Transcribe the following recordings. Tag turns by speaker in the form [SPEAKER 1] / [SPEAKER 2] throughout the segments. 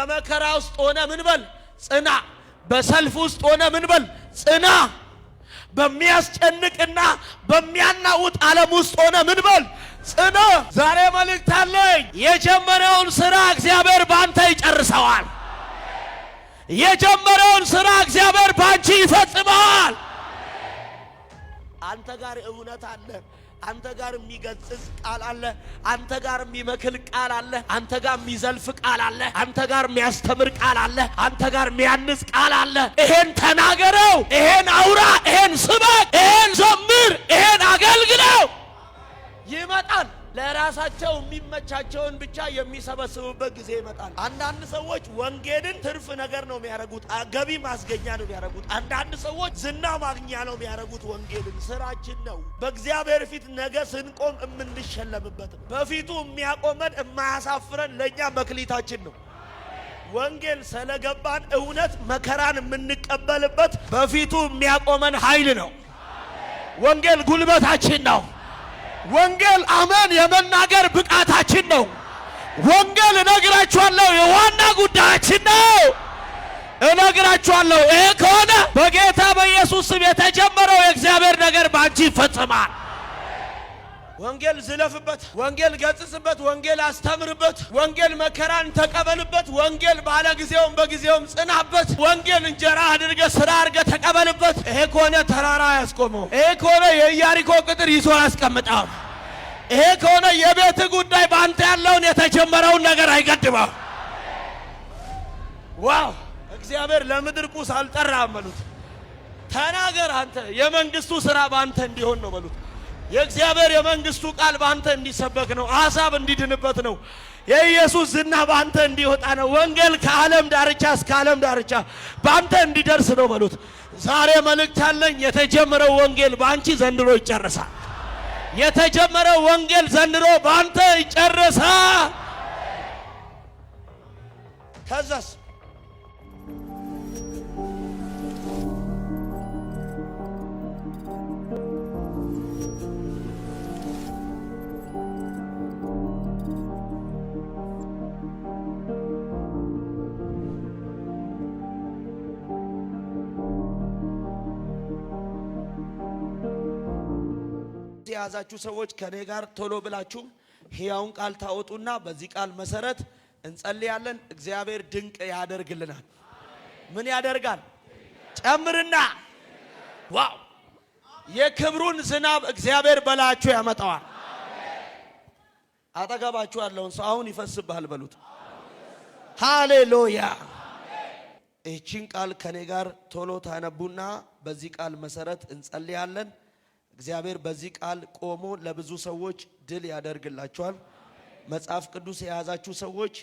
[SPEAKER 1] በመከራ ውስጥ ሆነ ምን በል ጽና። በሰልፍ ውስጥ ሆነ ምን በል ጽና። በሚያስጨንቅና በሚያናውጥ ዓለም ውስጥ ሆነ ምን በል ጽና። ዛሬ መልእክት አለኝ። የጀመረውን ስራ እግዚአብሔር ባንተ ይጨርሰዋል። የጀመረውን ስራ እግዚአብሔር ባንቺ ይፈጽመዋል። አንተ ጋር እውነት አለ። አንተ ጋር የሚገጽጽ ቃል አለ። አንተ ጋር የሚመክል ቃል አለ። አንተ ጋር የሚዘልፍ ቃል አለ። አንተ ጋር የሚያስተምር ቃል አለ። አንተ ጋር የሚያንጽ ቃል አለ። ይሄን ተናገረው፣ ይሄን አውራ፣ ይሄን ስበክ፣ ይሄን ዘምር፣ ይሄን አገልግለው። ይመጣል። ለራሳቸው የሚመቻቸውን ብቻ የሚሰበስቡበት ጊዜ ይመጣል። አንዳንድ ሰዎች ወንጌልን ትርፍ ነገር ነው የሚያደርጉት፣ ገቢ ማስገኛ ነው የሚያደርጉት። አንዳንድ ሰዎች ዝና ማግኛ ነው የሚያደርጉት። ወንጌልን ስራችን ነው። በእግዚአብሔር ፊት ነገ ስንቆም የምንሸለምበት ነው። በፊቱ የሚያቆመን የማያሳፍረን ለእኛ መክሊታችን ነው። ወንጌል ስለገባን እውነት መከራን የምንቀበልበት በፊቱ የሚያቆመን ኃይል ነው። ወንጌል ጉልበታችን ነው። ወንጌል አመን የመናገር ብቃታችን ነው። ወንጌል እነግራችኋለሁ የዋና ጉዳያችን ነው። እነግራችኋለሁ ይሄ ከሆነ በጌታ በኢየሱስ ስም የተጀመረው የእግዚአብሔር ነገር በአንቺ ይፈጽማል። ወንጌል ዝለፍበት፣ ወንጌል ገጽጽበት፣ ወንጌል አስተምርበት፣ ወንጌል መከራን ተቀበልበት፣ ወንጌል ባለ ጊዜውም በጊዜውም ጽናበት፣ ወንጌል እንጀራ አድርገ ስራ አድርገ ተቀበልበት። ይሄ ከሆነ ተራራ አያስቆመው። ይሄ ከሆነ የኢያሪኮ ቅጥር ይዞ አያስቀምጣም። ይሄ ከሆነ የቤት ጉዳይ በአንተ ያለውን የተጀመረውን ነገር አይገድበው። ዋው እግዚአብሔር ለምድር ቁስ አልጠራ አመሉት ተናገር አንተ የመንግስቱ ስራ በአንተ እንዲሆን ነው በሉት። የእግዚአብሔር የመንግስቱ ቃል በአንተ እንዲሰበክ ነው። አሳብ እንዲድንበት ነው። የኢየሱስ ዝና በአንተ እንዲወጣ ነው። ወንጌል ከዓለም ዳርቻ እስከ ዓለም ዳርቻ በአንተ እንዲደርስ ነው በሉት። ዛሬ መልእክት አለኝ። የተጀመረው ወንጌል በአንቺ ዘንድሮ ይጨርሳል። የተጀመረው ወንጌል ዘንድሮ በአንተ ይጨረሳ። ከዛስ የያዛችሁ ሰዎች ከኔ ጋር ቶሎ ብላችሁ ሕያውን ቃል ታወጡና በዚህ ቃል መሰረት እንጸልያለን። እግዚአብሔር ድንቅ ያደርግልናል። ምን ያደርጋል? ጨምርና ዋው! የክብሩን ዝናብ እግዚአብሔር በላችሁ ያመጣዋል። አጠገባችሁ ያለውን ሰው አሁን ይፈስብሃል በሉት። ሃሌሉያ! ይህችን ቃል ከኔ ጋር ቶሎ ታነቡና በዚህ ቃል መሰረት እንጸልያለን። እግዚአብሔር በዚህ ቃል ቆሞ ለብዙ ሰዎች ድል ያደርግላቸዋል። መጽሐፍ ቅዱስ የያዛችሁ ሰዎች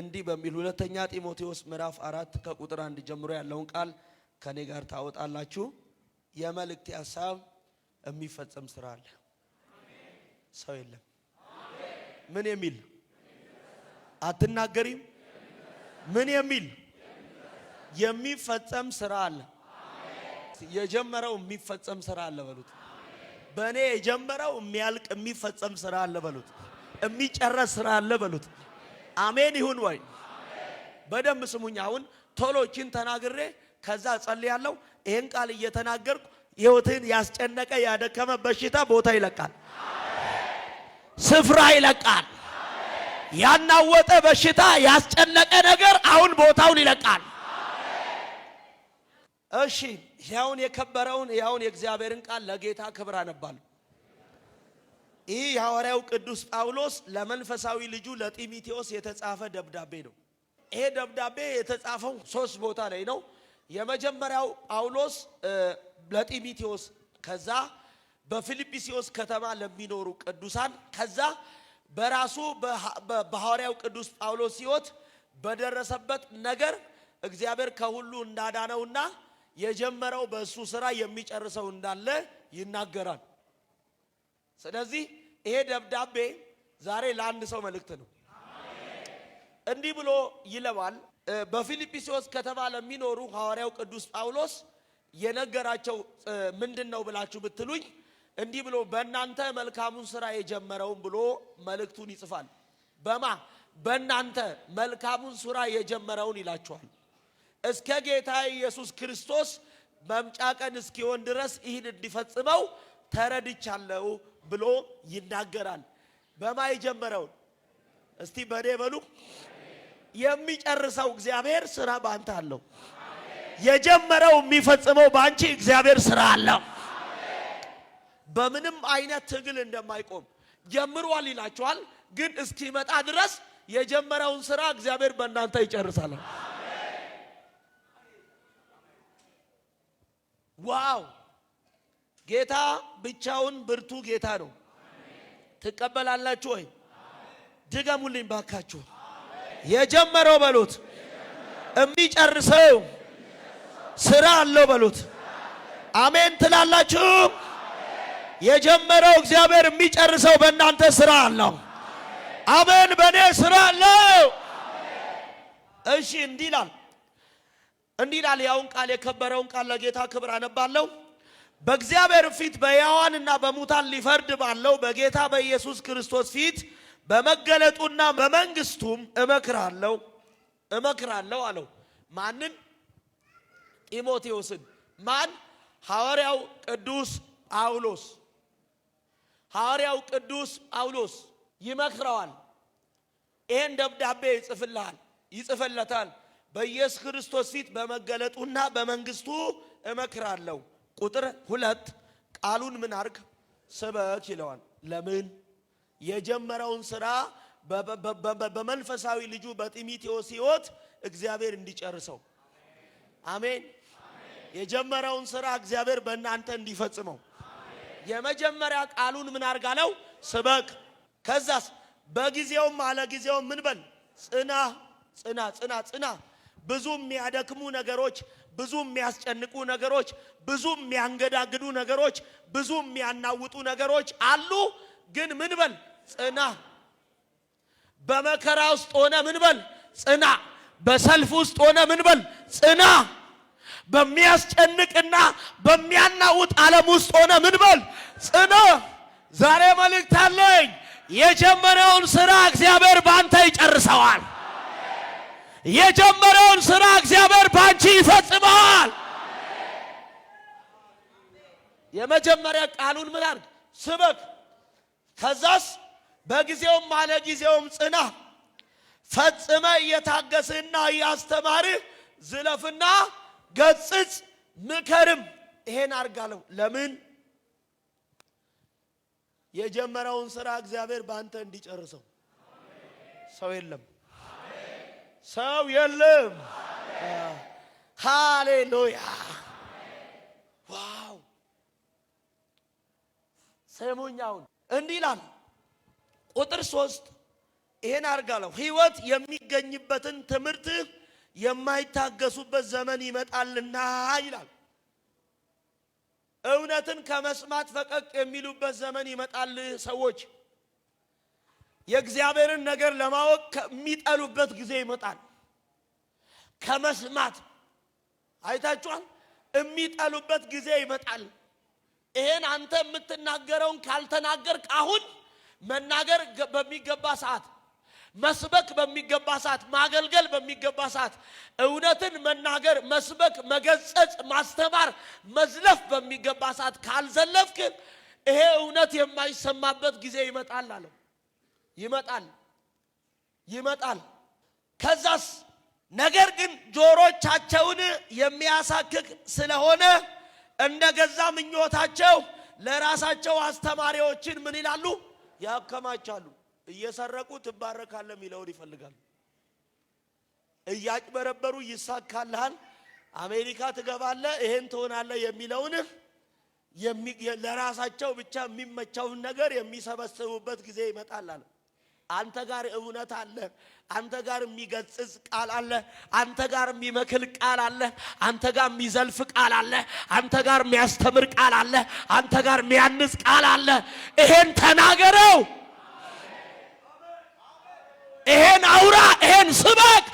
[SPEAKER 1] እንዲህ በሚል ሁለተኛ ጢሞቴዎስ ምዕራፍ አራት ከቁጥር አንድ ጀምሮ ያለውን ቃል ከኔ ጋር ታወጣላችሁ። የመልእክቴ ሀሳብ የሚፈጸም ስራ አለ። ሰው የለም። ምን የሚል አትናገሪም? ምን የሚል የሚፈጸም ስራ አለ። የጀመረው የሚፈጸም ስራ አለ በሉት በእኔ የጀመረው የሚያልቅ የሚፈጸም ስራ አለ በሉት። የሚጨረስ ስራ አለ በሉት። አሜን ይሁን ወይ? በደንብ ስሙኝ። አሁን ቶሎችን ተናግሬ ከዛ ጸልያለሁ። ይህን ቃል እየተናገርኩ ህይወትን ያስጨነቀ ያደከመ በሽታ ቦታ ይለቃል፣ ስፍራ ይለቃል። ያናወጠ በሽታ ያስጨነቀ ነገር አሁን ቦታውን ይለቃል። እሺ ያውን የከበረውን ያውን የእግዚአብሔርን ቃል ለጌታ ክብር አነባለሁ። ይህ የሐዋርያው ቅዱስ ጳውሎስ ለመንፈሳዊ ልጁ ለጢሞቴዎስ የተጻፈ ደብዳቤ ነው። ይሄ ደብዳቤ የተጻፈው ሶስት ቦታ ላይ ነው። የመጀመሪያው ጳውሎስ ለጢሞቴዎስ፣ ከዛ በፊልጵስዩስ ከተማ ለሚኖሩ ቅዱሳን፣ ከዛ በራሱ በሐዋርያው ቅዱስ ጳውሎስ ሕይወት በደረሰበት ነገር እግዚአብሔር ከሁሉ እንዳዳነውና የጀመረው በእሱ ስራ የሚጨርሰው እንዳለ ይናገራል። ስለዚህ ይሄ ደብዳቤ ዛሬ ለአንድ ሰው መልእክት ነው። እንዲህ ብሎ ይለዋል። በፊልጵስዎስ ከተማ ለሚኖሩ ሐዋርያው ቅዱስ ጳውሎስ የነገራቸው ምንድን ነው ብላችሁ ብትሉኝ እንዲህ ብሎ በእናንተ መልካሙን ስራ የጀመረውን ብሎ መልእክቱን ይጽፋል። በማ በእናንተ መልካሙን ስራ የጀመረውን ይላችኋል እስከ ጌታ ኢየሱስ ክርስቶስ መምጫ ቀን እስኪሆን ድረስ ይህን እንዲፈጽመው ተረድቻለሁ ብሎ ይናገራል። በማ የጀመረውን እስቲ በእኔ በሉ። የሚጨርሰው እግዚአብሔር ስራ በአንተ አለው። የጀመረው የሚፈጽመው በአንቺ እግዚአብሔር ስራ አለው። በምንም አይነት ትግል እንደማይቆም ጀምሯል ይላችኋል። ግን እስኪመጣ ድረስ የጀመረውን ስራ እግዚአብሔር በእናንተ ይጨርሳል። ዋው! ጌታ ብቻውን ብርቱ ጌታ ነው። ትቀበላላችሁ ወይ? ድገሙልኝ ባካችሁ። የጀመረው በሉት እሚጨርሰው ስራ አለው በሉት። አሜን ትላላችሁ። የጀመረው እግዚአብሔር የሚጨርሰው በእናንተ ስራ አለው። አሜን። በእኔ ስራ አለው። እሺ እንዲህ ይላል እንዲህ ይላል። ያውን ቃል የከበረውን ቃል ለጌታ ክብር አነባለሁ። በእግዚአብሔር ፊት በሕያዋንና በሙታን ሊፈርድ ባለው በጌታ በኢየሱስ ክርስቶስ ፊት በመገለጡና በመንግስቱም እመክራለሁ እመክራለሁ አለው። ማንን? ጢሞቴዎስን። ማን? ሐዋርያው ቅዱስ ጳውሎስ። ሐዋርያው ቅዱስ ጳውሎስ ይመክረዋል። ይህን ደብዳቤ ይጽፍልሃል፣ ይጽፍለታል በኢየሱስ ክርስቶስ ፊት በመገለጡና በመንግስቱ እመክራለሁ። ቁጥር ሁለት ቃሉን ምን አርግ ስበክ ይለዋል። ለምን የጀመረውን ስራ በመንፈሳዊ ልጁ በጢሞቴዎስ ህይወት እግዚአብሔር እንዲጨርሰው። አሜን። የጀመረውን ስራ እግዚአብሔር በእናንተ እንዲፈጽመው። የመጀመሪያ ቃሉን ምን አርግ አለው ስበክ። ከዛስ በጊዜውም አለ ጊዜውም ምን በል ጽና ጽና ጽና ጽና ብዙ የሚያደክሙ ነገሮች፣ ብዙ የሚያስጨንቁ ነገሮች፣ ብዙ የሚያንገዳግዱ ነገሮች፣ ብዙ የሚያናውጡ ነገሮች አሉ። ግን ምን በል ጽና። በመከራ ውስጥ ሆነ ምን በል ጽና። በሰልፍ ውስጥ ሆነ ምን በል ጽና። በሚያስጨንቅና በሚያናውጥ ዓለም ውስጥ ሆነ ምን በል ጽና። ዛሬ መልእክት አለኝ። የጀመረውን ስራ እግዚአብሔር ባንተ ይጨርሰዋል። የጀመረውን ስራ እግዚአብሔር ባንቺ ይፈጽመዋል። የመጀመሪያ ቃሉን ምን አድርግ ስበክ። ከዛስ በጊዜውም አለ ጊዜውም ጽና ፈጽመ እየታገስህና እያስተማርህ ዝለፍና ገጽጽ ምከርም። ይሄን አድርጋለሁ። ለምን የጀመረውን ስራ እግዚአብሔር በአንተ እንዲጨርሰው ሰው የለም። ሰው የለም። ሃሌሉያ ዋው! ሰሙኛውን እንዲህ ይላል ቁጥር ሶስት ይሄን አርጋለሁ። ህይወት የሚገኝበትን ትምህርት የማይታገሱበት ዘመን ይመጣልና ይላል። እውነትን ከመስማት ፈቀቅ የሚሉበት ዘመን ይመጣል ሰዎች የእግዚአብሔርን ነገር ለማወቅ ከሚጠሉበት ጊዜ ይመጣል። ከመስማት አይታችኋል፣ የሚጠሉበት ጊዜ ይመጣል። ይሄን አንተ የምትናገረውን ካልተናገርክ አሁን መናገር በሚገባ ሰዓት፣ መስበክ በሚገባ ሰዓት፣ ማገልገል በሚገባ ሰዓት፣ እውነትን መናገር፣ መስበክ፣ መገጸጽ ማስተማር፣ መዝለፍ በሚገባ ሰዓት ካልዘለፍክ ይሄ እውነት የማይሰማበት ጊዜ ይመጣል አለው። ይመጣል ይመጣል። ከዛስ ነገር ግን ጆሮቻቸውን የሚያሳክክ ስለሆነ እንደ ገዛ ምኞታቸው ለራሳቸው አስተማሪዎችን ምን ይላሉ? ያከማቻሉ። እየሰረቁ ትባረካለህ የሚለውን ይፈልጋሉ። እያጭበረበሩ ይሳካልሃል፣ አሜሪካ ትገባለህ፣ ይሄን ትሆናለህ የሚለውን ለራሳቸው ብቻ የሚመቸውን ነገር የሚሰበስቡበት ጊዜ ይመጣል አለ። አንተ ጋር እውነት አለ። አንተ ጋር የሚገጽዝ ቃል አለ። አንተ ጋር የሚመክል ቃል አለ። አንተ ጋር የሚዘልፍ ቃል አለ። አንተ ጋር የሚያስተምር ቃል አለ። አንተ ጋር የሚያንጽ ቃል አለ። ይሄን ተናገረው፣ ይሄን አውራ፣ ይሄን ስበክ፣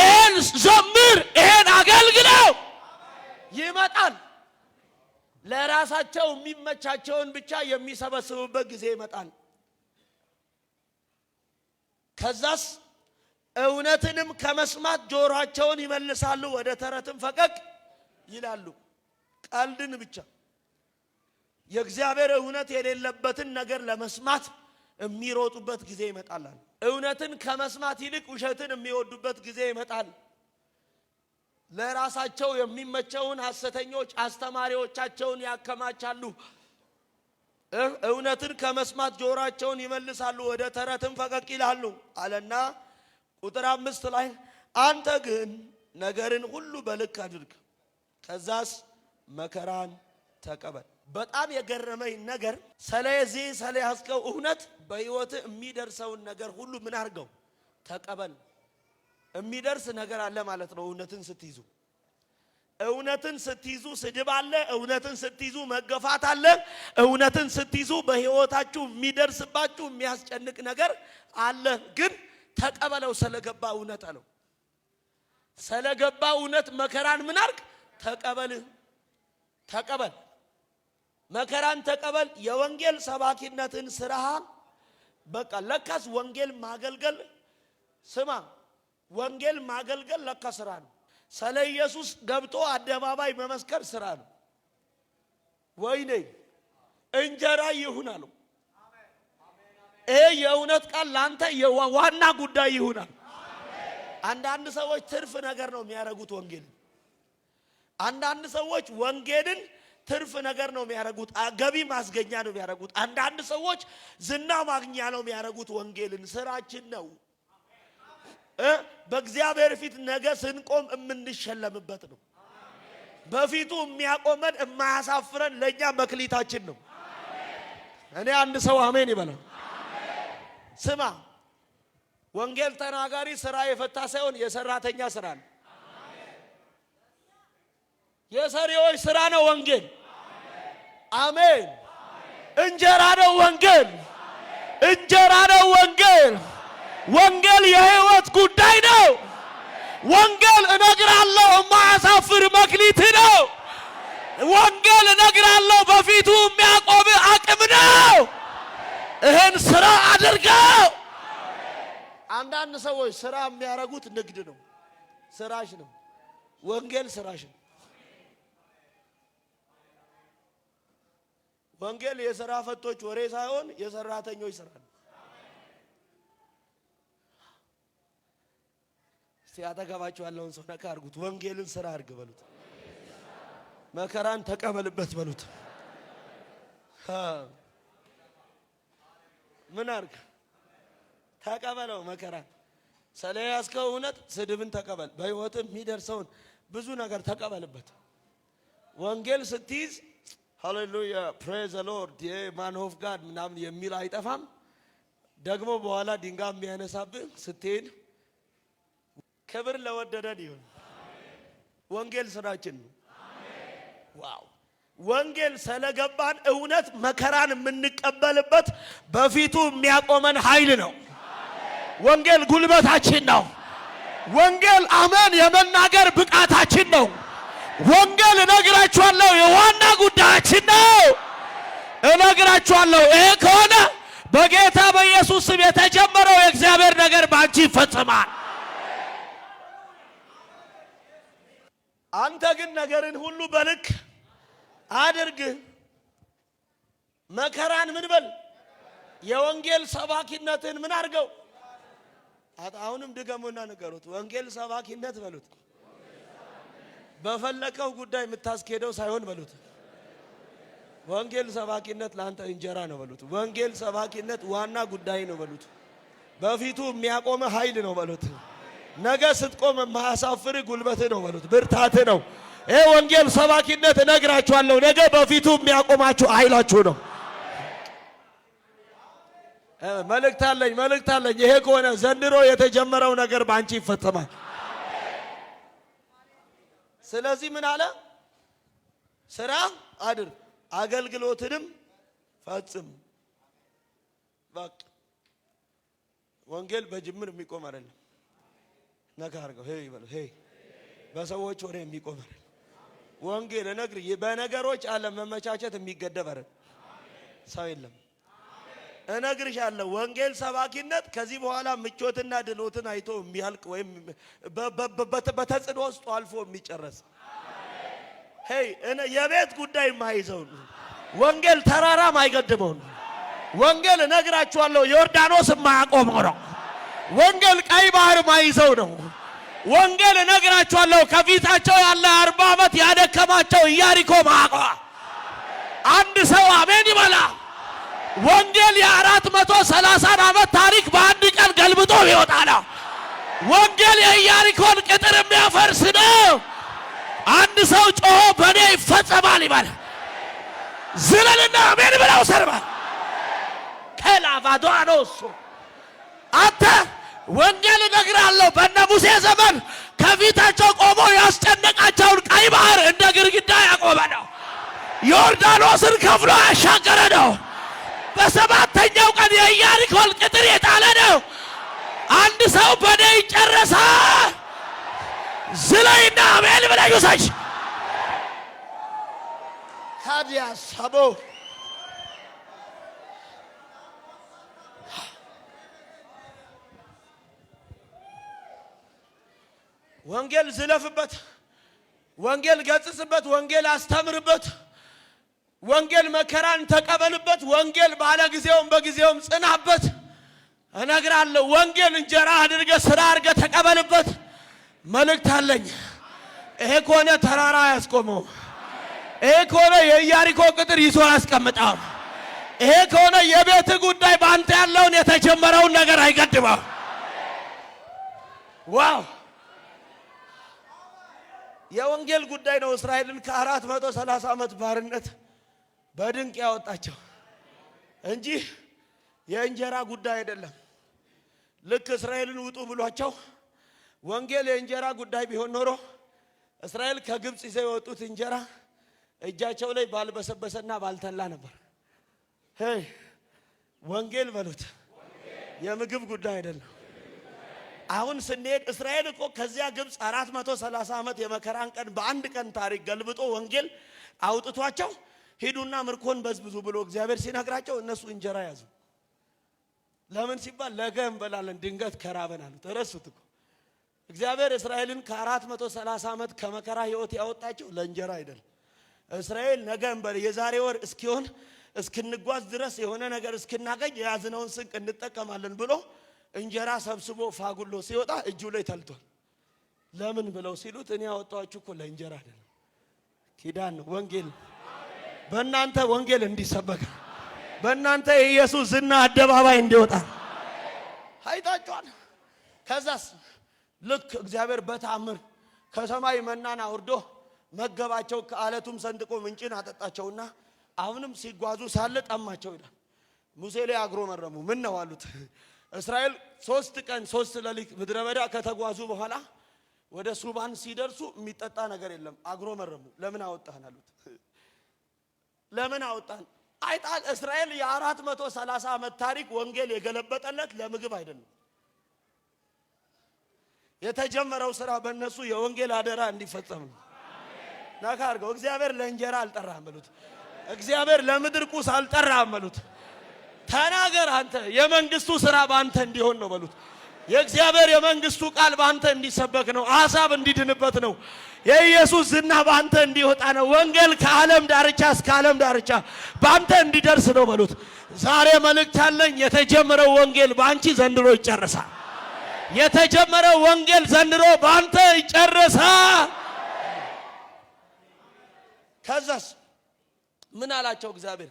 [SPEAKER 1] ይሄን ዘምር፣ ይሄን አገልግለው። ይመጣል። ለራሳቸው የሚመቻቸውን ብቻ የሚሰበስቡበት ጊዜ ይመጣል። ከዛስ እውነትንም ከመስማት ጆሮአቸውን ይመልሳሉ፣ ወደ ተረትም ፈቀቅ ይላሉ። ቀልድን ብቻ የእግዚአብሔር እውነት የሌለበትን ነገር ለመስማት የሚሮጡበት ጊዜ ይመጣል። እውነትን ከመስማት ይልቅ ውሸትን የሚወዱበት ጊዜ ይመጣል። ለራሳቸው የሚመቸውን ሐሰተኞች አስተማሪዎቻቸውን ያከማቻሉ። እውነትን ከመስማት ጆሯቸውን ይመልሳሉ፣ ወደ ተረትም ፈቀቅ ይላሉ አለና ቁጥር አምስት ላይ አንተ ግን ነገርን ሁሉ በልክ አድርግ፣ ከዛስ መከራን ተቀበል። በጣም የገረመኝ ነገር ስለዚህ ስለያዝከው እውነት በህይወት የሚደርሰውን ነገር ሁሉ ምን አድርገው ተቀበል። የሚደርስ ነገር አለ ማለት ነው እውነትን ስትይዙ እውነትን ስትይዙ ስድብ አለ። እውነትን ስትይዙ መገፋት አለ። እውነትን ስትይዙ በሕይወታችሁ የሚደርስባችሁ የሚያስጨንቅ ነገር አለ። ግን ተቀበለው። ስለገባ እውነት አለው። ስለገባ እውነት መከራን ምን አርግ? ተቀበል፣ ተቀበል፣ መከራን ተቀበል። የወንጌል ሰባኪነትን ስራ በቃ ለካስ ወንጌል ማገልገል ስማ፣ ወንጌል ማገልገል ለካ ስራ ነው። ስለ ኢየሱስ ገብቶ አደባባይ መመስከር ስራ ነው። ወይኔ እንጀራ ይሁናል። ይሄ የእውነት ቃል ለአንተ ዋና ጉዳይ ይሁናል። አንዳንድ ሰዎች ትርፍ ነገር ነው የሚያደርጉት ወንጌልን። አንዳንድ ሰዎች ወንጌልን ትርፍ ነገር ነው የሚያደርጉት፣ ገቢ ማስገኛ ነው የሚያደርጉት። አንዳንድ ሰዎች ዝና ማግኛ ነው የሚያደርጉት። ወንጌልን ስራችን ነው። በእግዚአብሔር ፊት ነገ ስንቆም የምንሸለምበት ነው። በፊቱ የሚያቆመን የማያሳፍረን ለእኛ መክሊታችን ነው። እኔ አንድ ሰው አሜን ይበላል። ስማ ወንጌል ተናጋሪ ስራ የፈታ ሳይሆን የሰራተኛ ስራ ነው። የሰሪዎች ስራ ነው ወንጌል። አሜን። እንጀራ ነው ወንጌል። እንጀራ ነው ወንጌል። ወንጌል የህይወት ጉዳይ ነው። ወንጌል እነግራለሁ የማያሳፍር መክሊት ነው። ወንጌል እነግራለሁ በፊቱ የሚያቆም አቅም ነው። ይህን ስራ አድርገው። አንዳንድ ሰዎች ስራ የሚያደርጉት ንግድ ነው። ስራሽ ነው። ወንጌል ስራሽ ነው። ወንጌል የስራ ፈቶች ወሬ ሳይሆን የሰራተኞች ስራ ነው። ሲያጠገባቸው ያለውን ሰው ነካ አርጉት። ወንጌልን ስራ አርግ በሉት። መከራን ተቀበልበት በሉት። ምን አርግ ተቀበለው መከራ ያስከው እውነት ስድብን ተቀበል። በህይወትም የሚደርሰውን ብዙ ነገር ተቀበልበት። ወንጌል ስትይዝ ሃሌሉያ ፕሬዝ ሎርድ ማን ኦፍ ጋድ ምናምን የሚል አይጠፋም። ደግሞ በኋላ ድንጋይ የሚያነሳብህ ስትሄድ ክብር ለወደደን ይሁን። ወንጌል ስራችን ነው። ዋው ወንጌል ስለገባን እውነት መከራን የምንቀበልበት በፊቱ የሚያቆመን ኃይል ነው። ወንጌል ጉልበታችን ነው። ወንጌል አመን የመናገር ብቃታችን ነው። ወንጌል እነግራችኋለሁ የዋና ጉዳያችን ነው። እነግራችኋለሁ ይሄ ከሆነ በጌታ በኢየሱስ ስም የተጀመረው የእግዚአብሔር ነገር በአንቺ ይፈጽማል። አንተ ግን ነገርን ሁሉ በልክ አድርግ። መከራን ምን በል የወንጌል ሰባኪነትን ምን አድርገው። አሁንም ድገሙና ንገሩት፣ ወንጌል ሰባኪነት በሉት። በፈለከው ጉዳይ የምታስኬደው ሳይሆን በሉት፣ ወንጌል ሰባኪነት ለአንተ እንጀራ ነው በሉት። ወንጌል ሰባኪነት ዋና ጉዳይ ነው በሉት። በፊቱ የሚያቆመ ኃይል ነው በሉት። ነገ ስትቆም ማሳፍር ጉልበት ነው በሉት፣ ብርታትህ ነው። ይሄ ወንጌል ሰባኪነት እነግራችኋለሁ። ነገ በፊቱ የሚያቆማችሁ አይላችሁ ነው። መልእክት አለኝ፣ መልእክት አለኝ። ይሄ ከሆነ ዘንድሮ የተጀመረው ነገር በአንቺ ይፈጸማል። ስለዚህ ምን አለ? ስራ አድር፣ አገልግሎትንም ፈጽም። በቃ ወንጌል በጅምር የሚቆም አይደለም። ነካ አድርገው ሄይ ይበሉ። ሄይ በሰዎች ሆነ የሚቆም ወንጌል እነግር በነገሮች ዓለም መመቻቸት የሚገደብ አይደለም። ሰው የለም። እነግርሻለሁ ወንጌል ሰባኪነት ከዚህ በኋላ ምቾትና ድሎትን አይቶ የሚያልቅ ወይም በተጽዕኖ ውስጥ አልፎ የሚጨረስ ሄይ የቤት ጉዳይ ማይዘው ወንጌል ተራራ ማይገድመው ወንጌል እነግራችኋለሁ ዮርዳኖስ የማያቆመው ነው። ወንጌል ቀይ ባህር ማይዘው ነው። ወንጌል እነግራችኋለሁ። ከፊታቸው ያለ አርባ ዓመት ያደከማቸው ኢያሪኮ ማቋ አንድ ሰው አሜን ይበላ። ወንጌል የአራት መቶ ሰላሳን ዓመት ታሪክ በአንድ ቀን ገልብጦ ይወጣል። ወንጌል የኢያሪኮን ቅጥር የሚያፈርስ ነው። አንድ ሰው ጮሆ በእኔ ይፈጸማል ይበላ። ዝለልና አሜን ብለው ሰርባል ከላቫዶ አነሱ ወንጌል እነግራለሁ። በነ ሙሴ ዘመን ከፊታቸው ቆሞ ያስጨነቃቸውን ቀይ ባህር እንደ ግድግዳ ያቆመ ነው። ዮርዳኖስን ከፍሎ ያሻገረ ነው። በሰባተኛው ቀን የኢያሪኮን ቅጥር የጣለ ነው። አንድ ሰው በደ ይጨረሳ ዝለይና አሜል ብለዩሰች ታዲያ ሰቦ ወንጌል ዝለፍበት፣ ወንጌል ገጽጽበት፣ ወንጌል አስተምርበት፣ ወንጌል መከራን ተቀበልበት፣ ወንጌል ባለ ጊዜውም በጊዜውም ጽናበት። እነግራለሁ። ወንጌል እንጀራ አድርገ ስራ አድርገ ተቀበልበት። መልእክት አለኝ። ይሄ ከሆነ ተራራ አያስቆመውም። ይሄ ከሆነ የኢያሪኮ ቅጥር ይዞ አያስቀምጣም። ይሄ ከሆነ የቤት ጉዳይ በአንተ ያለውን የተጀመረውን ነገር አይገድባም። ዋው የወንጌል ጉዳይ ነው። እስራኤልን ከአራት መቶ ሰላሳ ዓመት ባርነት በድንቅ ያወጣቸው እንጂ የእንጀራ ጉዳይ አይደለም። ልክ እስራኤልን ውጡ ብሏቸው ወንጌል የእንጀራ ጉዳይ ቢሆን ኖሮ እስራኤል ከግብፅ ይዘው የወጡት እንጀራ እጃቸው ላይ ባልበሰበሰና ባልተላ ነበር። ወንጌል በሉት የምግብ ጉዳይ አይደለም። አሁን ስንሄድ እስራኤል እኮ ከዚያ ግብፅ አራት መቶ ሰላሳ ዓመት የመከራን ቀን በአንድ ቀን ታሪክ ገልብጦ ወንጌል አውጥቷቸው ሂዱና ምርኮን በዝብዙ ብሎ እግዚአብሔር ሲነግራቸው እነሱ እንጀራ ያዙ። ለምን ሲባል ለገ እንበላለን ድንገት ከራበን አሉት። ረሱት እኮ እግዚአብሔር እስራኤልን ከአራት መቶ ሰላሳ ዓመት ከመከራ ህይወት ያወጣቸው ለእንጀራ አይደለም። እስራኤል ነገ እንበል የዛሬ ወር እስኪሆን እስክንጓዝ ድረስ የሆነ ነገር እስክናገኝ የያዝነውን ስንቅ እንጠቀማለን ብሎ እንጀራ ሰብስቦ ፋጉሎ ሲወጣ እጁ ላይ ተልቷል። ለምን ብለው ሲሉት እኔ ያወጣኋችሁ እኮ ለእንጀራ አይደለም፣ ኪዳን ነው፣ ወንጌል በእናንተ ወንጌል እንዲሰበከ በእናንተ የኢየሱስ ዝና አደባባይ እንዲወጣ አይታችኋል። ከዛስ ልክ እግዚአብሔር በታምር ከሰማይ መናን አውርዶ መገባቸው፣ ከአለቱም ሰንጥቆ ምንጭን አጠጣቸውና አሁንም ሲጓዙ ሳለ ጠማቸው ይላል። ሙሴ ላይ አግሮ መረሙ ምን ነው አሉት እስራኤል ሶስት ቀን ሶስት ሌሊት ምድረ በዳ ከተጓዙ በኋላ ወደ ሱባን ሲደርሱ የሚጠጣ ነገር የለም። አግሮ መረሙ። ለምን አወጣህን አሉት። ለምን አወጣህን? አይጣ እስራኤል የአራት መቶ ሰላሳ ዓመት ታሪክ ወንጌል የገለበጠለት ለምግብ አይደለም። የተጀመረው ስራ በእነሱ የወንጌል አደራ እንዲፈጸም ነው። ነካ አድርገው። እግዚአብሔር ለእንጀራ አልጠራህም በሉት። እግዚአብሔር ለምድር ቁስ አልጠራህም በሉት። ተናገር አንተ የመንግስቱ ስራ በአንተ እንዲሆን ነው በሉት። የእግዚአብሔር የመንግስቱ ቃል በአንተ እንዲሰበክ ነው። አሳብ እንዲድንበት ነው። የኢየሱስ ዝና በአንተ እንዲወጣ ነው። ወንጌል ከዓለም ዳርቻ እስከ ዓለም ዳርቻ በአንተ እንዲደርስ ነው በሉት። ዛሬ መልእክት አለኝ። የተጀመረው ወንጌል በአንቺ ዘንድሮ ይጨረሳ። የተጀመረው ወንጌል ዘንድሮ በአንተ ይጨረሳ ከዛስ ምን አላቸው እግዚአብሔር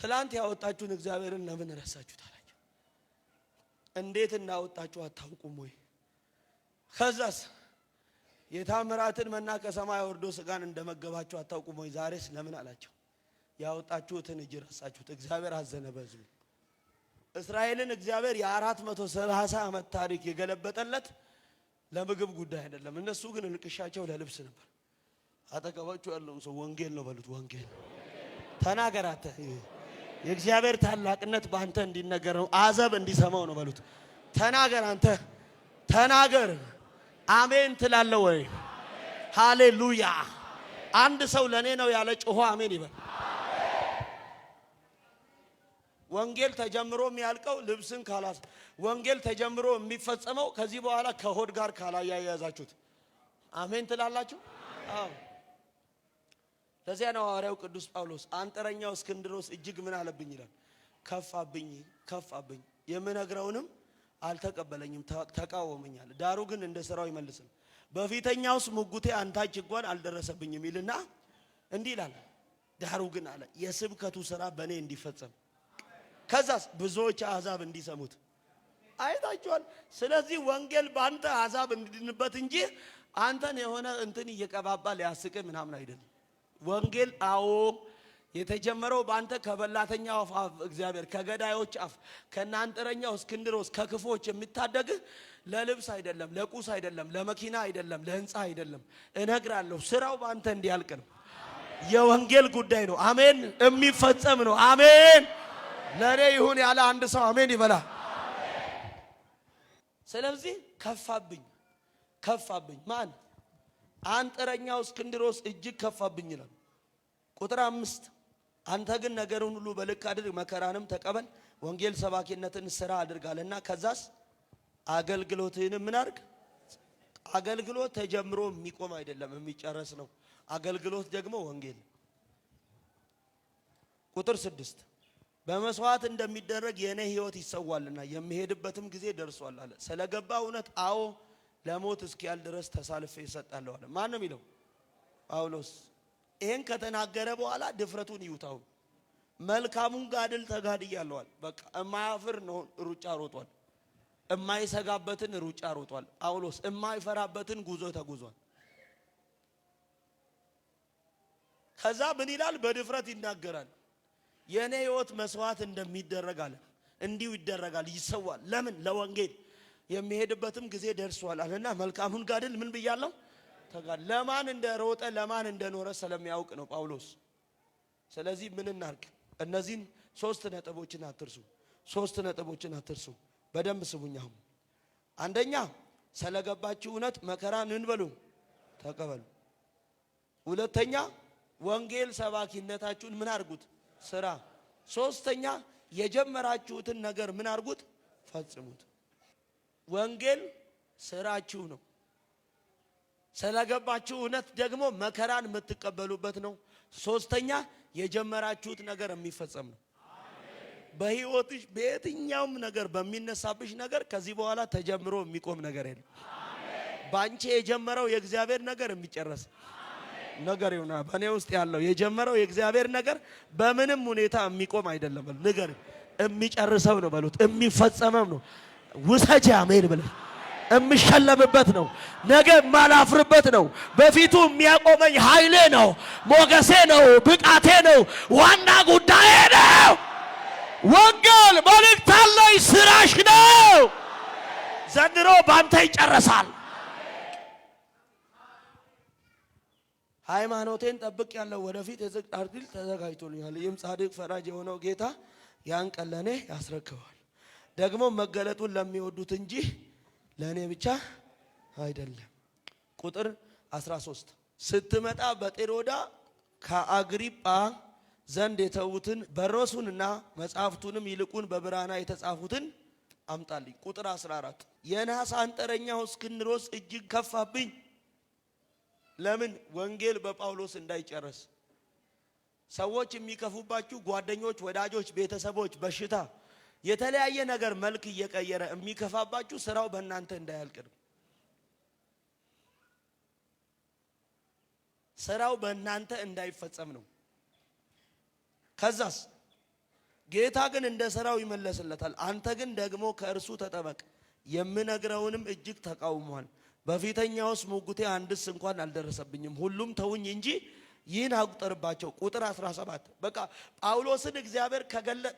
[SPEAKER 1] ትላንት ያወጣችሁን እግዚአብሔርን ለምን ረሳችሁት አላቸው። እንዴት እናወጣችሁ አታውቁም ወይ? ከዛስ የታምራትን መና ከሰማይ ወርዶ ስጋን እንደመገባችሁ አታውቁም ወይ? ዛሬስ ለምን አላቸው። ያወጣችሁትን እጅ ረሳችሁት። እግዚአብሔር አዘነ በሕዝቡ። እስራኤልን እግዚአብሔር የአራት መቶ ሰላሳ ዓመት ታሪክ የገለበጠለት ለምግብ ጉዳይ አይደለም። እነሱ ግን እልቅሻቸው ለልብስ ነበር። አጠገባችሁ ያለውን ሰው ወንጌል ነው በሉት። ወንጌል ተናገራተ የእግዚአብሔር ታላቅነት በአንተ እንዲነገረው አዘብ እንዲሰማው ነው በሉት። ተናገር፣ አንተ ተናገር። አሜን ትላለ ወይ? ሃሌሉያ። አንድ ሰው ለእኔ ነው ያለ ጮሆ አሜን ይበል። ወንጌል ተጀምሮ የሚያልቀው ልብስን ካላስ ወንጌል ተጀምሮ የሚፈጸመው ከዚህ በኋላ ከሆድ ጋር ካላያያዛችሁት አሜን ትላላችሁ። ለዚያ ነው ሐዋርያው ቅዱስ ጳውሎስ አንጥረኛው እስክንድሮስ እጅግ ምን አለብኝ ይላል። ከፋብኝ ከፋብኝ፣ የምነግረውንም አልተቀበለኝም፣ ተቃወመኛል። ዳሩ ግን እንደ ስራው ይመልስም፣ በፊተኛውስ ሙጉቴ አንታች እንኳን አልደረሰብኝም ይልና እንዲህ ይላል። ዳሩ ግን አለ የስብከቱ ስራ በእኔ እንዲፈጸም፣ ከዛስ ብዙዎች አሕዛብ እንዲሰሙት አይታችኋል። ስለዚህ ወንጌል በአንተ አሕዛብ እንድንበት እንጂ አንተን የሆነ እንትን እየቀባባ ሊያስቅ ምናምን አይደለም። ወንጌል አዎ የተጀመረው በአንተ ከበላተኛው አፍ እግዚአብሔር ከገዳዮች አፍ ከናንጥረኛው እስክንድሮስ ከክፎች የሚታደግህ ለልብስ አይደለም፣ ለቁስ አይደለም፣ ለመኪና አይደለም፣ ለህንፃ አይደለም። እነግራለሁ ስራው በአንተ እንዲያልቅ ነው። የወንጌል ጉዳይ ነው። አሜን። የሚፈጸም ነው። አሜን። ለእኔ ይሁን ያለ አንድ ሰው አሜን ይበላ። ስለዚህ ከፋብኝ፣ ከፋብኝ ማን አንጥረኛው እስክንድሮስ እጅግ ከፋብኝ ይላል። ቁጥር አምስት አንተ ግን ነገርን ሁሉ በልክ አድርግ፣ መከራንም ተቀበል፣ ወንጌል ሰባኪነትን ስራ አድርጋለና ከዛስ አገልግሎትህንም ምን አድርግ። አገልግሎት ተጀምሮ የሚቆም አይደለም የሚጨረስ ነው። አገልግሎት ደግሞ ወንጌል። ቁጥር ስድስት በመስዋዕት እንደሚደረግ የእኔ ህይወት ይሰዋልና የሚሄድበትም ጊዜ ደርሷል አለ። ስለገባ እውነት አዎ ለሞት እስኪያል ድረስ ተሳልፌ ይሰጣለሁ አለ። ማን ነው የሚለው? ጳውሎስ። ይሄን ከተናገረ በኋላ ድፍረቱን ይውታው መልካሙን ጋድል ተጋድያለዋል። በቃ የማያፍር ነው ሩጫ ሮጧል። እማይሰጋበትን ሩጫ ሮጧል። ጳውሎስ እማይፈራበትን ጉዞ ተጉዟል። ከዛ ምን ይላል? በድፍረት ይናገራል። የእኔ ህይወት መስዋዕት እንደሚደረግ አለ እንዲሁ ይደረጋል፣ ይሰዋል። ለምን? ለወንጌል የሚሄድበትም ጊዜ ደርሷል አለና መልካሙን ጋድል ምን ብያለሁ? ተጋድ ለማን እንደሮጠ ለማን እንደኖረ ስለሚያውቅ ነው ጳውሎስ። ስለዚህ ምን እናርግ? እነዚህን ሶስት ነጥቦችን አትርሱ። ሶስት ነጥቦችን አትርሱ። በደንብ ስቡኝ። አሁን አንደኛ ስለገባችሁ እውነት መከራን እንበሉ ተቀበሉ። ሁለተኛ ወንጌል ሰባኪነታችሁን ምን አርጉት ስራ። ሶስተኛ የጀመራችሁትን ነገር ምን አርጉት ፈጽሙት። ወንጌል ስራችሁ ነው። ስለገባችሁ እውነት ደግሞ መከራን የምትቀበሉበት ነው። ሶስተኛ የጀመራችሁት ነገር የሚፈጸም ነው። በህይወትሽ በየትኛውም ነገር በሚነሳብሽ ነገር ከዚህ በኋላ ተጀምሮ የሚቆም ነገር የለም። በአንቺ የጀመረው የእግዚአብሔር ነገር የሚጨረስ ነገር ይሁና። በእኔ ውስጥ ያለው የጀመረው የእግዚአብሔር ነገር በምንም ሁኔታ የሚቆም አይደለም። ነገር የሚጨርሰው ነው በሉት፣ የሚፈጸመም ነው። ውሰጂ አሜን ብለህ የምሸለምበት ነው። ነገ የማላፍርበት ነው። በፊቱ የሚያቆመኝ ኃይሌ ነው፣ ሞገሴ ነው፣ ብቃቴ ነው፣ ዋና ጉዳዬ ነው። ወንጌል መልእክት አለኝ ስራሽ ነው። ዘንድሮ ባንተ ይጨረሳል። ሃይማኖቴን ጠብቅ ያለው ወደፊት የጽድቅ አክሊል ተዘጋጅቶልኛል። ይህም ጻድቅ ፈራጅ የሆነው ጌታ ያን ቀን ለእኔ ደግሞ መገለጡን ለሚወዱት እንጂ ለእኔ ብቻ አይደለም። ቁጥር 13 ስትመጣ በጤሮዳ ከአግሪጳ ዘንድ የተዉትን በሮሱንና መጽሐፍቱንም ይልቁን በብራና የተጻፉትን አምጣልኝ። ቁጥር 14 የነሐስ አንጠረኛው እስክንድሮስ እጅግ ከፋብኝ። ለምን ወንጌል በጳውሎስ እንዳይጨረስ ሰዎች የሚከፉባችሁ ጓደኞች፣ ወዳጆች፣ ቤተሰቦች፣ በሽታ የተለያየ ነገር መልክ እየቀየረ የሚከፋባችሁ ስራው በእናንተ እንዳያልቅ ነው። ስራው በእናንተ እንዳይፈጸም ነው። ከዛስ ጌታ ግን እንደ ስራው ይመለስለታል። አንተ ግን ደግሞ ከእርሱ ተጠበቅ፣ የምነግረውንም እጅግ ተቃውሟል። በፊተኛውስ ሙግቴ አንድስ እንኳን አልደረሰብኝም፣ ሁሉም ተውኝ እንጂ ይህን አቁጠርባቸው። ቁጥር 17 በቃ ጳውሎስን እግዚአብሔር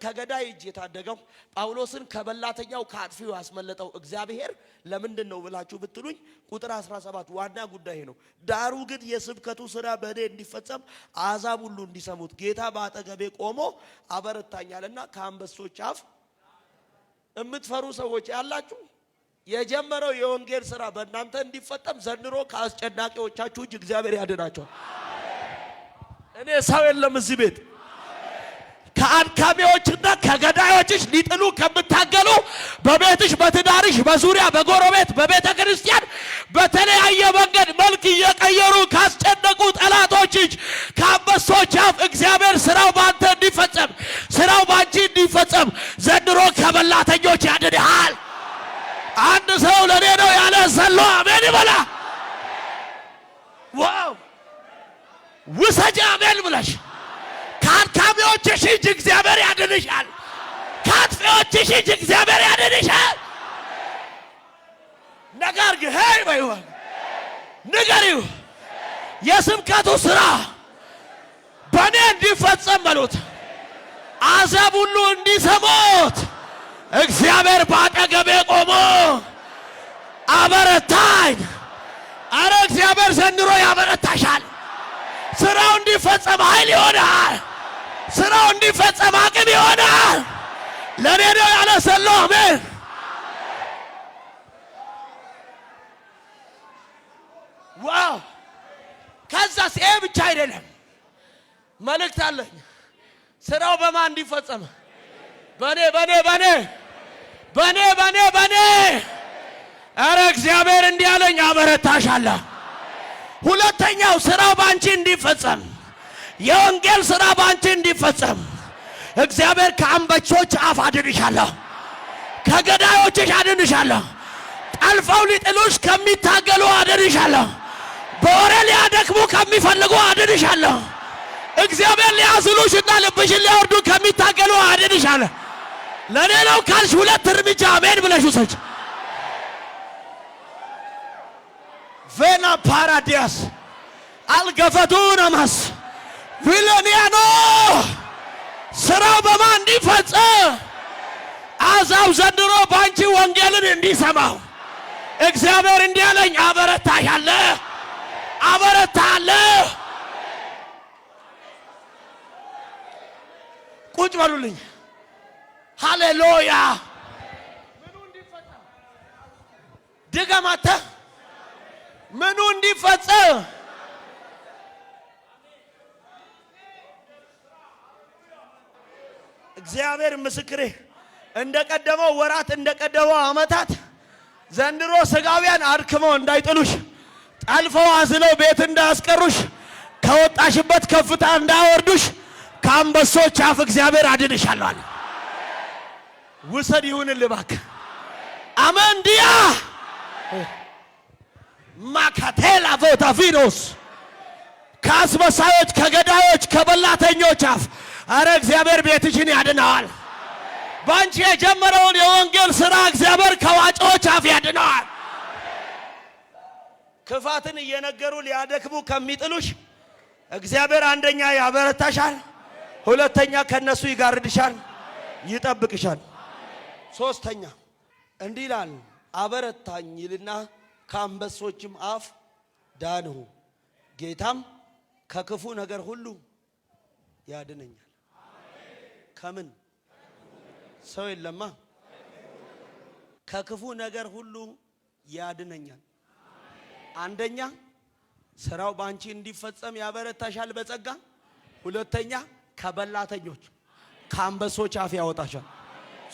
[SPEAKER 1] ከገዳይ እጅ የታደገው ጳውሎስን ከበላተኛው ከአጥፊው ያስመለጠው እግዚአብሔር ለምንድን ነው ብላችሁ ብትሉኝ ቁጥር 17 ዋና ጉዳይ ነው። ዳሩ ግን የስብከቱ ስራ በእኔ እንዲፈጸም አሕዛብ ሁሉ እንዲሰሙት ጌታ በአጠገቤ ቆሞ አበረታኛልና ከአንበሶች አፍ የምትፈሩ ሰዎች ያላችሁ የጀመረው የወንጌል ስራ በእናንተ እንዲፈጠም ዘንድሮ ከአስጨናቂዎቻችሁ እጅ እግዚአብሔር ያድናቸዋል። እኔ ሰው የለም እዚህ ቤት ከአድካሚዎችና ከገዳዮችሽ ሊጥሉ ከምታገሉ በቤትሽ፣ በትዳርሽ፣ በዙሪያ፣ በጎረቤት፣ በቤተ ክርስቲያን በተለያየ መንገድ መልክ እየቀየሩ ካስጨነቁ ጠላቶች ከአንበሶች አፍ እግዚአብሔር ስራው በአንተ እንዲፈጸም፣ ስራው በአንቺ እንዲፈጸም ዘንድሮ ከበላተኞች ያድንሃል። አንድ ሰው ለእኔ ነው ያለ ዘሎ አሜን ይበላ ዋው ውሰጅ አሜን ብለሽ ከአድካሚዎችሽ እጅ እግዚአብሔር ያድንሻል። ከአጥፊዎችሽ እጅ እግዚአብሔር ያድንሻል። ነገር ግን ሄይ በይወ ንገሪው የስብከቱ ሥራ በእኔ እንዲፈጸም በሉት አሕዛብ ሁሉ እንዲሰሙት እግዚአብሔር በአጠገቤ ቆሞ አበረታኝ። አረ እግዚአብሔር ዘንድሮ ያበረታሻል። ስራው እንዲፈጸም ኃይል ይሆናል። ስራው እንዲፈጸም አቅም ይሆናል። ለእኔ ነው ያለ ሰሎ አሜን። ዋው! ከዛ ሲ ብቻ አይደለም፣ መልእክት አለኝ። ስራው በማን እንዲፈጸም በኔ በኔ በኔ በኔ በኔ በኔ። አረ እግዚአብሔር እንዲህ አለኝ፣ አበረታሻለሁ ሁለተኛው ስራው ባንቺ እንዲፈጸም፣ የወንጌል ስራ ባንቺ እንዲፈጸም እግዚአብሔር ከአንበቾች አፍ አድንሻለሁ፣ ከገዳዮችሽ አድንሻለሁ፣ ጠልፈው ሊጥሉሽ ከሚታገሉ አድንሻለሁ፣ በወሬ ሊያደክሙ ከሚፈልጉ አድንሻለሁ፣ እግዚአብሔር ሊያዝሉሽና ልብሽን ሊያወርዱ ከሚታገሉ አድንሻለሁ። ለኔ ነው ካልሽ ሁለት እርምጃ አሜን ብለሽ ውሰጅ። ቬና ፓራዲያስ አልገፈቱነማስ ቪለኒያኖ ስራው በማ እንዲፈጸም አዛብ ዘንድሮ ባንቺ ወንጌልን እንዲሰማው እግዚአብሔር እንዲህ አለኝ። አበረታሃለሁ፣ አበረታሃለሁ። ቁጭ በሉልኝ። ሃሌሉያ ድገማተ ምኑ እንዲፈጸም እግዚአብሔር ምስክሬ፣ እንደቀደመው ወራት እንደቀደመው አመታት ዘንድሮ ስጋውያን አድክመው እንዳይጥሉሽ፣ ጠልፈው አዝለው ቤት እንዳያስቀሩሽ፣ ከወጣሽበት ከፍታ እንዳያወርዱሽ፣ ከአንበሶች አፍ እግዚአብሔር አድንሻለዋል። ውሰድ ይሁን ልባክ አመን ዲያ ማካቴላ ቮታቪኖስ ከአስመሳዮች፣ ከገዳዮች፣ ከበላተኞች አፍ አረ እግዚአብሔር ቤትሽን ያድነዋል። በአንቺ የጀመረውን የወንጌል ሥራ እግዚአብሔር ከዋጮዎች አፍ ያድነዋል። ክፋትን እየነገሩ ሊያደክሙ ከሚጥሉሽ እግዚአብሔር አንደኛ ያበረታሻል፣ ሁለተኛ ከነሱ ይጋርድሻል፣ ይጠብቅሻል። ሶስተኛ እንዲህ ይላል አበረታኝ ይልና ከአንበሶችም አፍ ዳንሁ፣ ጌታም ከክፉ ነገር ሁሉ ያድነኛል። ከምን ሰው የለማ ከክፉ ነገር ሁሉ ያድነኛል። አንደኛ ስራው በአንቺ እንዲፈጸም ያበረታሻል በጸጋ። ሁለተኛ ከበላተኞች ከአንበሶች አፍ ያወጣሻል።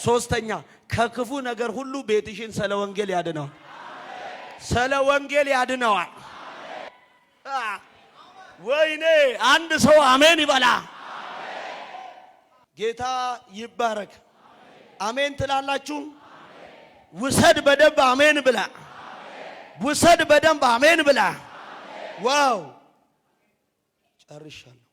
[SPEAKER 1] ሶስተኛ ከክፉ ነገር ሁሉ ቤትሽን ስለ ወንጌል ያድነዋል። ስለ ወንጌል ያድነዋል። ወይኔ አንድ ሰው አሜን ይበላ። ጌታ ይባረክ። አሜን ትላላችሁ። ውሰድ በደንብ አሜን ብላ። ውሰድ በደንብ አሜን ብላ። ዋው ጨርሻለሁ።